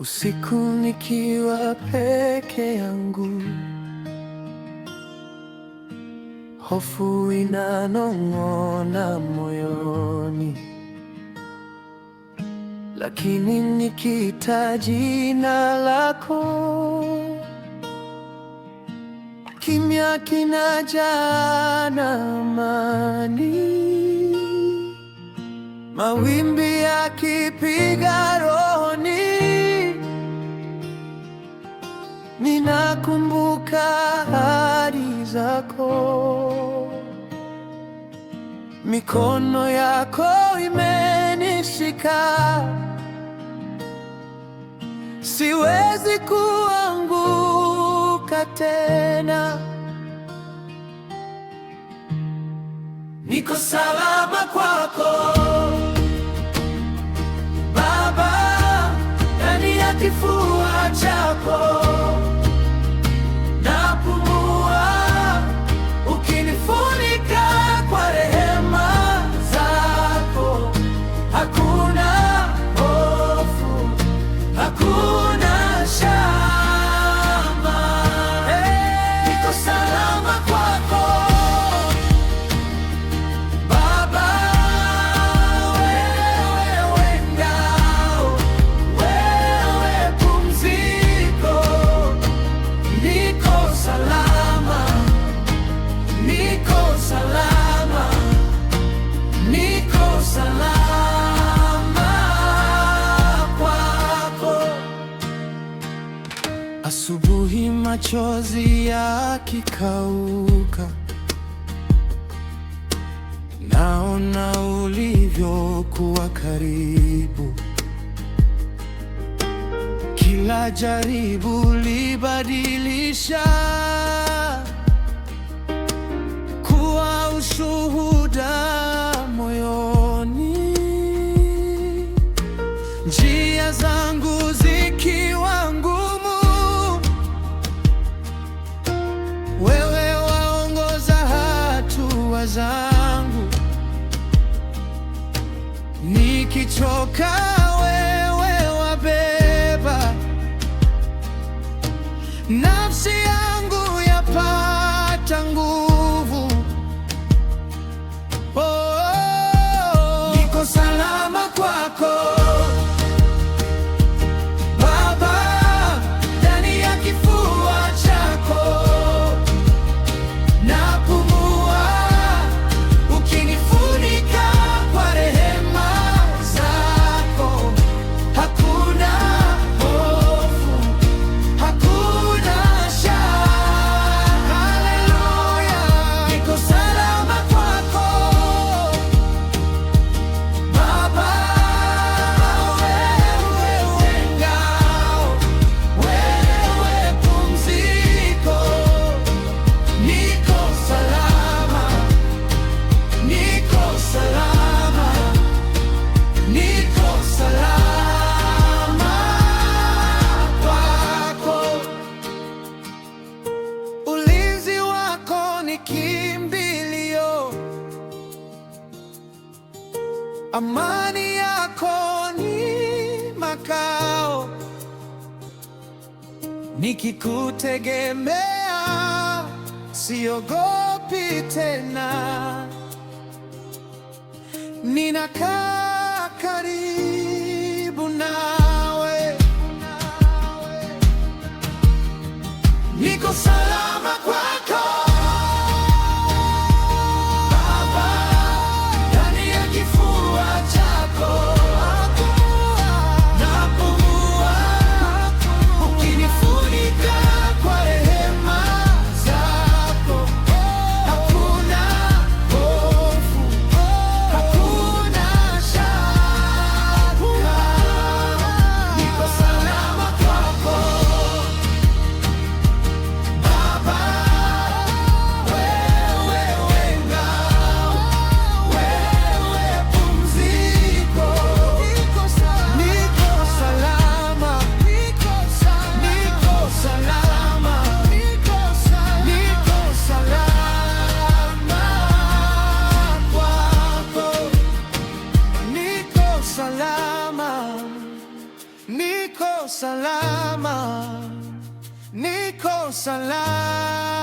usiku nikiwa peke yangu, hofu inanong'ona moyoni, lakini nikiita jina lako, kimya kinajaa na amani, mawimbi yakipiga ninakumbuka ahadi zako, mikono yako imenishika, siwezi kuanguka tena, niko salama kwako. machozi yakikauka, naona ulivyokuwa karibu. Kila jaribu libadilisha kuwa ushuhuda zangu, nikichoka wewe wabeba na Nikikutegemea siogopi tena, ninakaa karibu nawe, niko salama kwa Salama, Nico salamat.